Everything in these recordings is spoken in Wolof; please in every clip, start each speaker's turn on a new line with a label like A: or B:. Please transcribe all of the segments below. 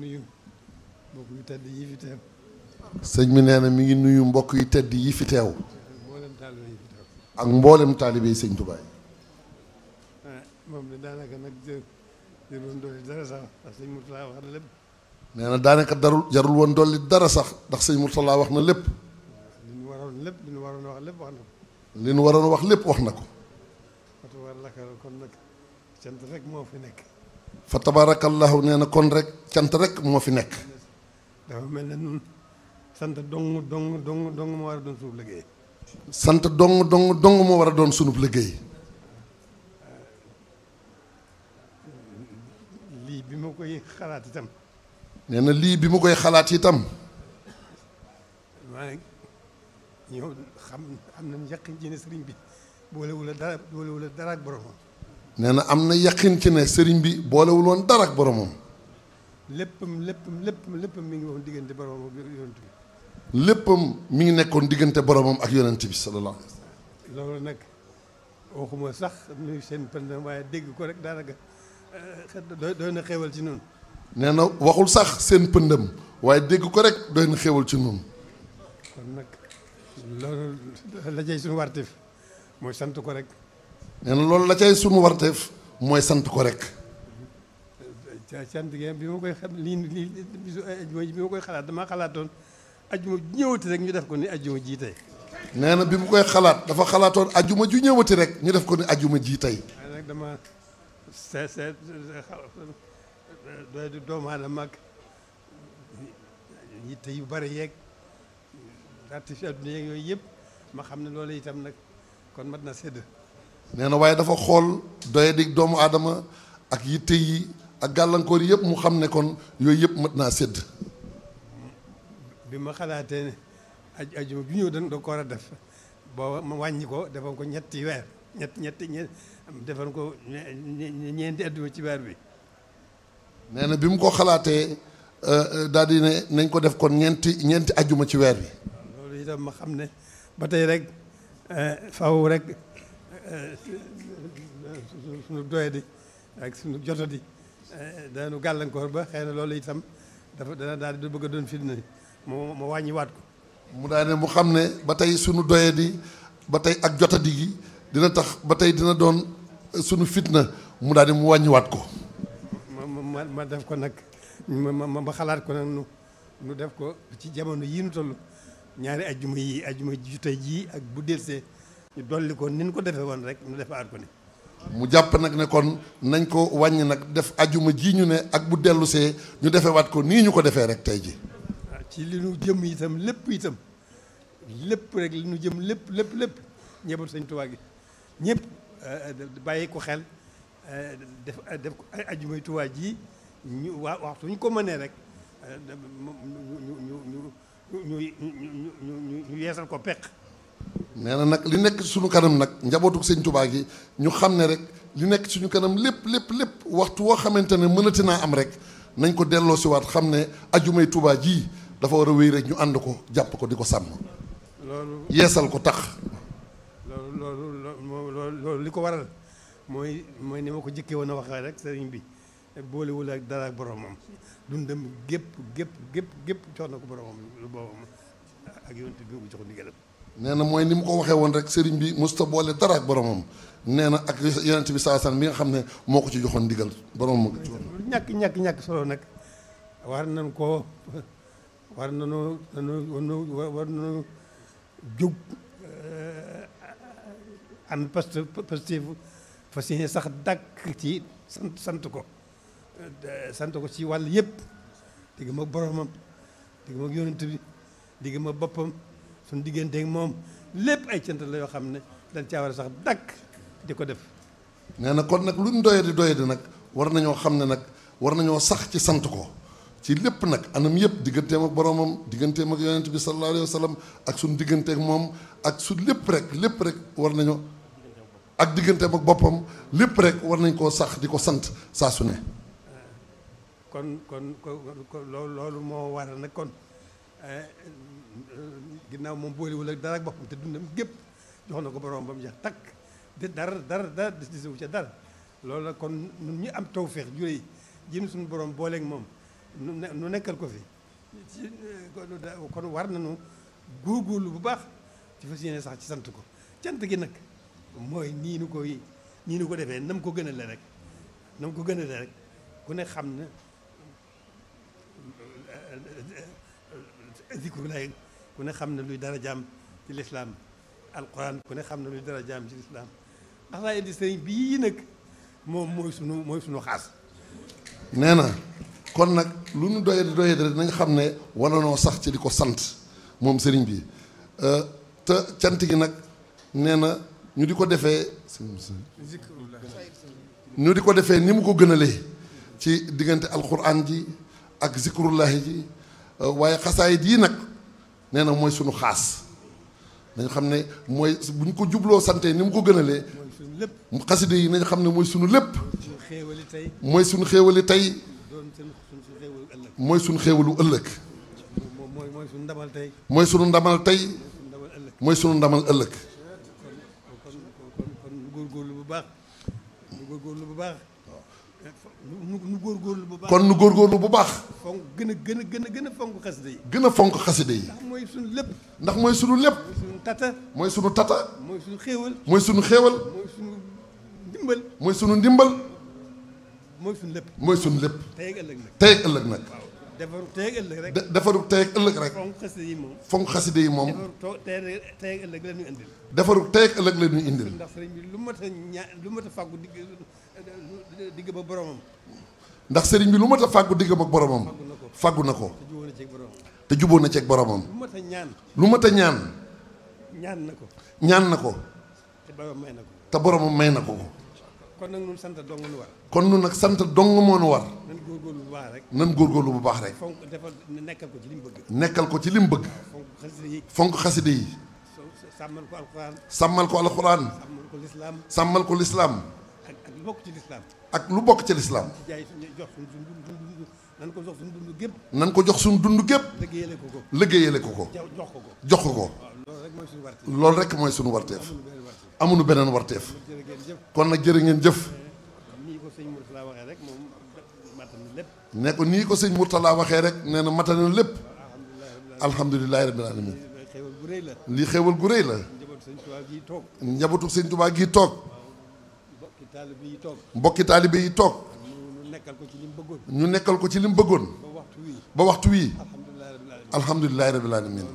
A: nuyu mbokk yu
B: nee na mi ngi nuyu mbokk yu tedd yi fi teew. ak mboolem taalibe yi sëñ Tuubaa
A: eh, moom de daanaka nag jë jarul sëñ Murtala wax na lépp.
B: na daanaka darul jarul woon dolli dara sax ndax sëñ Murtala wax na lépp.
A: li ñu waroon lépp li
B: ñu waroon wax lépp wax na ko.
A: li waroon wax lépp wax na ko. kon nag cant rek moo fi nekk.
B: fa tabarakallahu nee na kon rek cant rek moo fi nekk.
A: dafa mel ne nun sant dong dong dong dong moo war liggéey.
B: sant dong dong dong moo war a doon sunub liggéey.
A: lii bi ma koy xalaat itam.
B: nee na lii bi mu koy xalaat itam.
A: maa ñoo xam am nañu yàqin ci ne sëriñ bi boolewul dara boolewul dara ak boromam.
B: nee na am na yaqin ci ne sëriñ bi boolewul woon dara ak boromam.
A: léppam léppam léppam léppam mi ngi woon diggante boromam ak yonent
B: bi. léppam mi ngi nekkoon diggante boromam ak yonent bi sallallahu alayhi wa
A: sallam. loolu nag waxuma sax nuyu seen président waaye dégg ko rek daanaka euh, doy na xéewal ci noonu.
B: nee na waxul sax seen pëndam waaye dégg ko rek doy na xéewal ci noonu.
A: kon nag loolu la jëy suñu wartif mooy sant ko rek.
B: nee na loolu la cay sunu warteef mooy sant ko rek.
A: sant gi bi ma koy lii eh, koy xalaat dama xalaatoon ajjuma ju ñëwati rek ñu def ko ni ajjuma ji tey. nee na bi mu koy
B: xalaat dafa xalaatoon ajjuma ju ñëwati rek ñu def ko ni ajjuma ji tey.
A: waaye nag dama seet seet doy doomu aadama ak yitte yu bari yeeg artificiel bi yooyu yëpp ma xam ne loolu itam nag kon mat na sedd
B: nee na waaye dafa xool doye doomu aadama ak yitte yi ak gàllankoor yëpp mu xam ne kon yooyu yëpp mët naa sédd.
A: bi ma xalaatee ne aju ajuma bi ñëw dañ ko war a def boo ma wàññi ko defoon ko ñetti weer ñetti ñe ko ñeenti ajuma ci weer bi. nee na bi mu
B: ko xalaatee euh, euh, daal di ne nañ ko def kon ñeenti ñeenti ajuma
A: ci weer bi. loolu itam ma xam ne ba tey rek euh, faw rek. suñu doyadi ak suñu jotadi eh, dañu gàllankoor ba xëy na loolu itam dafa dana daal di bëgg a doon fitna mu mu wàññiwaat ko. mu
B: daane mu xam ne ba tey sunu doyadi ba tey ak jotadi gi dina tax ba tey dina doon suñu fitna mu daane mu wàññiwaat ko.
A: ma ma def ko nag ma ma xalaat ko nag nu def ko ci jamono yii nu toll ñaari ajjuma yi ajjuma ju tey jii ak bu delsee ñu dolli ko ni ñu ko defee woon rek ñu defaat ko ni
B: mu jàpp nag ne kon nañ ko wàññi nag def ajuma ji ñu ne ak bu dellusee ñu defewaat ko nii ñu ko defee rek tey ji
A: ah, ci li nu jëm itam lépp itam lépp rek li nu jëm lépp lépp lépp ñëbal sëñ Tuubaa gi ñëpp eh, bàyyi ko xel eh, def eh, def ko ay ajumay Tuubaa ji ñu waa waxtu ñu ko mënee rek ñu ñu ñu ñu ñu ñu ñu yeesal ko peq
B: nee na nag li nekk suñu kanam nag njabootu sëñ Tuubaa yi ñu xam ne rek li nekk suñu kanam lépp lépp lépp waxtu woo xamante ne mënati naa am rek nañ ko delloo si waat xam ne ajumay Tuubaa ji dafa war a wéy rek ñu ànd ko jàpp ko di ko sàmm.
A: loolu yeesal ko tax. loolu loolu li ko waral mooy mooy ni ma ko jëkkee woon a waxee rek sëriñ bi boolewul ak dara ak boromam dundam gépp gépp gépp gépp jox na ko boromam lu boobam ak yonent bi mu jox ndigalam
B: nee na mooy ni mu ko waxee woon rek sëriñ bi musta boole dara ak boromam nee na ak yonent bi saa san bi nga xam ne moo ko ci joxoon ndigal boromam
A: ak ñàkk ñàkk ñàkk solo nag war nañ koo war nañu nañu war nañu jóg am eh, post fas yéene sax dàkk sant ko sant ko si wàll yëpp digg ma boromam digg ma yonent bi digg ma boppam suñ digganteeg moom lépp ay cant la yoo xam ne dañ caa war a sax dakk di ko def
B: nee na kon nag luñ doyadi doyadi nag war nañoo xam ne nag war nañoo sax ci sant ko ci lépp nag anam yëpp digganteem ak boroomam digganteem ak yonent bi sallallahu alayhi wa sallam ak suñ digganteeg moom ak su lépp rek lépp rek war nañu ak digganteem ak boppam lépp rek war nañ koo sax di ko sant saa su ne
A: kon kon loolu moo waral nag kon Eh, ginnaaw moom boolewul ak dara ak boppam te dundam gépp jox na ko boroom ba mu jeex takk de dara dara dara des desewu ca dara loolu la kon ñun ñu am tawféex juré jëm suñu boroom booleek moom nu nekkal ko fi kon war nañu góorgóorlu bu baax ci fas yéene sax ci sant ko cant gi nag mooy nii nu koy nii nu ko defee nam ko gën a le rek nam ko gën a le rek ku ne xam ne zikrullahi ku ne xam ne luy dara jaam ci lislaam alquran ku ne xam ne luy dara jaam ci lislaam xasaayid di sëriñ bii nag moom mooy sunu mooy sunu xaas
B: nee na kon nag lu nu doyadi doyadi rek nañ xam ne wala noo sax ci di ko sant moom sëriñ bi euh, te cant gi nag nee na ñu di ko defee ñu di ko defee ni mu ko gënalee ci diggante alquran ji ak zikrullahi ji waaye xasaayit yii nag nee na mooy suñu xaas nañ xam ne mooy bu ñu ko jubloo sante ni mu ko gënalee xaside yi nañ xam ne mooy suñu lépp mooy sunu xéewali tey mooy sunu xéewalu ëllëg mooy sunu ndamal tey mooy sunu ndamal ëllëg.
A: góorgóorlu bu baax góorgóorlu bu baax. nu góorgóorlu bu baax kon nu góorgóorlu bu baax. fonk gën a gën a
B: gën a gën a fonk xasida yi. gën a fonk xasida yi. mooy suñu lépp. ndax mooy sunu lépp. mooy sunu tata. mooy sunu tata. mooy sunu
A: xéewal. mooy sunu xéewal. mooy sunu ndimbal.
B: mooy suñu ndimbal.
A: mooy sunu lépp. mooy sunu lépp. tey ak tey ak ëllëg nag. defaru tey ak ëllëg rek. defaru tey ak rek. fonk xaside yi moom. fonk xaside yi moom. defaru tey ak ëllëg la indil.
B: defaru tey ak ëllëg la indil. ndax
A: sëriñ bi lu mat a ña lu mat a fàggu digg digg ba boromam.
B: ndax sëriñ bi lu mat a fàggu digg ba boromam. fàggu na ko te jubóo na ceeg boromam.
A: lu mat a ñaan.
B: lu mat a ñaan. na ko. ñaan na ko.
A: te boromam may na ko.
B: te boromam may na ko.
A: kon nag ñun sant dong nu
B: kon ñun nag sant dong moo nu war.
A: góorgóorlu bu baax rek. nan góorgóorlu bu baax rek. fonk nekkal ko ci li mu bëgg. nekkal ko ci li mu bëgg. fonk xaside yi. fonk xaside yi. sàmmal ko alxuraan. sàmmal ko alxuraan. sàmmal ko lislaam. sàmmal ko lislaam. ak ak lu bokk ci lislaam. ak lu bokk ci lislaam. jaay jox suñu dund nan ko jox suñu dund gépp. nan ko jox suñu dund gépp. liggéeyale ko ko. liggéeyale ko ko. jox ko ko. jox ko ko. loolu rek mooy suñu warteef.
B: loolu rek mooy suñu warteef. amuñu beneen warteef.
A: kon nag jërë ngeen jëf.
B: ne ko nii ko sëñ Mourtala waxee rek nee na matal na lépp alhamdulilahi rabbil la lii xéewal gu rëy la njabootu sëñ Tuubaa gii toog
A: mbokki taalibe yi
B: toog ñu nekkal ko ci li mu bëggoon ba waxtu wii alhamdulilahi rabbil alamin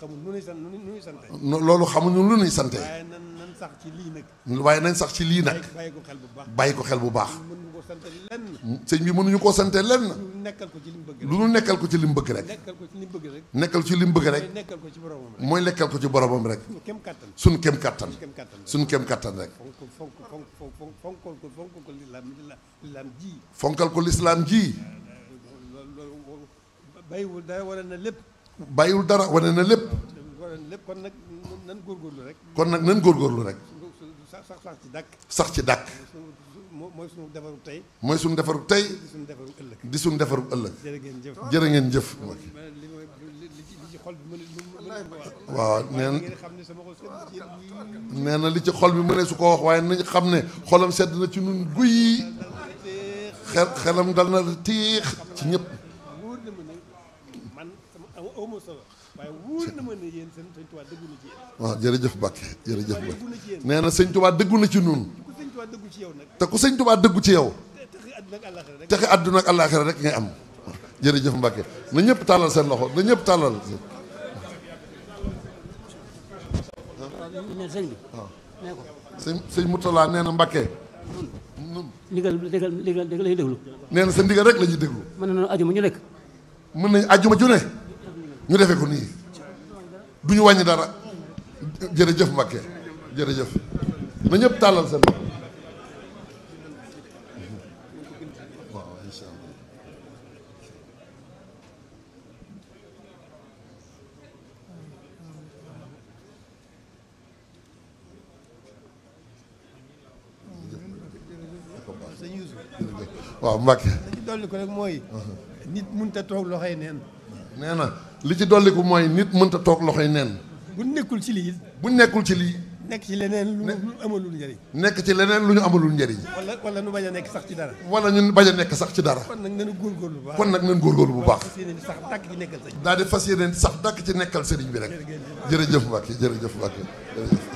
A: xamul nu nuy sant nu nuy sante loolu xamul nu waaye nañ sax ci lii nag waaye nañ sax ci lii nag bàyyi ko xel bu baax bàyyi ko xel bu baax mënuñu ko sante
B: lenn sëñ bi mënuñu koo sante lenn
A: nekkal ko ci bëgg
B: lu nu nekkal ko ci li mu bëgg rek nekkal ko ci li mu bëgg rek nekkal ci li mu bëgg rek
A: nekkal ko ci boromam rek mooy
B: nekkal ko ci boromam rek
A: kem kattan suñ kem kattan suñ kem kattan rek fonk fonk fonk fonkal ko fonkal ko lislaam ji
B: fonkal ko lislaam ji
A: bàyyiwul dara waral na lépp
B: bàyyiwul dara wane na lépp.
A: kon nag nan góorgóorlu rek. kon nag nan góorgóorlu rek. sax sax ci dàkk. sax ci dàkk. mooy suñu defaru tey. mooy suñu defaru tey. di suñu defaru ëllëg. di suñu defaru ëllëg. jërë ngeen jëf jërë ngeen jëf. waaw nee na nee
B: na li ci xol bi mu ne su ko wax waaye nañ xam ne xolam sedd na ci nun guy xel xelam dal na tiix ci ñëpp.
A: amul solo waaye wóor na ma ne yéen seen sëñ Tuubaa dëggu na ci yéen. waaw jërëjëf
B: Mbacke jërëjëf Mbacke
A: nee na sëñ Tuubaa
B: na ci ñun.
A: dëggu ci yow nag. te ku sëñ
B: Tuubaa dëggu ci yow. texe àdduna ak àllaaxira rek ngay am. jërëjëf Mbacke na ñëpp tàllal seen loxo na ñëpp tàllal.
A: ne sëñ bi. waaw ne
B: ko. sëñ sëñ Moutala nee na Mbacke.
A: ndigal ndigal ndigal la ñuy
B: déglu. nee na sa ndigal rek la ñuy déglu. mën nañu ajuma ñu nekk. mën nañu ajuma ju ne. ñu defee ko nii du ñu wàññi dara jërëjëf mbake jërëjëf
A: na ñëpp tàllal seen bopp waaw incha
B: allah waaw Mbakke.
A: dañu dolli ko rek uh-huh. a loxoy neen.
B: li ci dolliku mooy nit mënta toog loxoy neen.
A: bu nekkul ci lii. bu nekkul ci lii. nekk ci leneen lu ñu amalul njëriñ.
B: nekk ci leneen lu ñu amalul njariñ
A: wala wala ñu bañ a nekk sax ci dara. wala ñun
B: bañ a nekk sax ci dara. kon nag
A: nañu góorgóorlu bu kon nag nañu góorgóorlu bu baax. daal di fas
B: yéeneen sax dàkk ci nekkal sëriñ bi rek. jërëjëf Mbacke jërëjëf Mbacke jërëjëf.